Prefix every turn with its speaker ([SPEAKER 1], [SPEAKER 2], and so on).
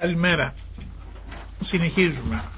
[SPEAKER 1] Καλημέρα. Συνεχίζουμε.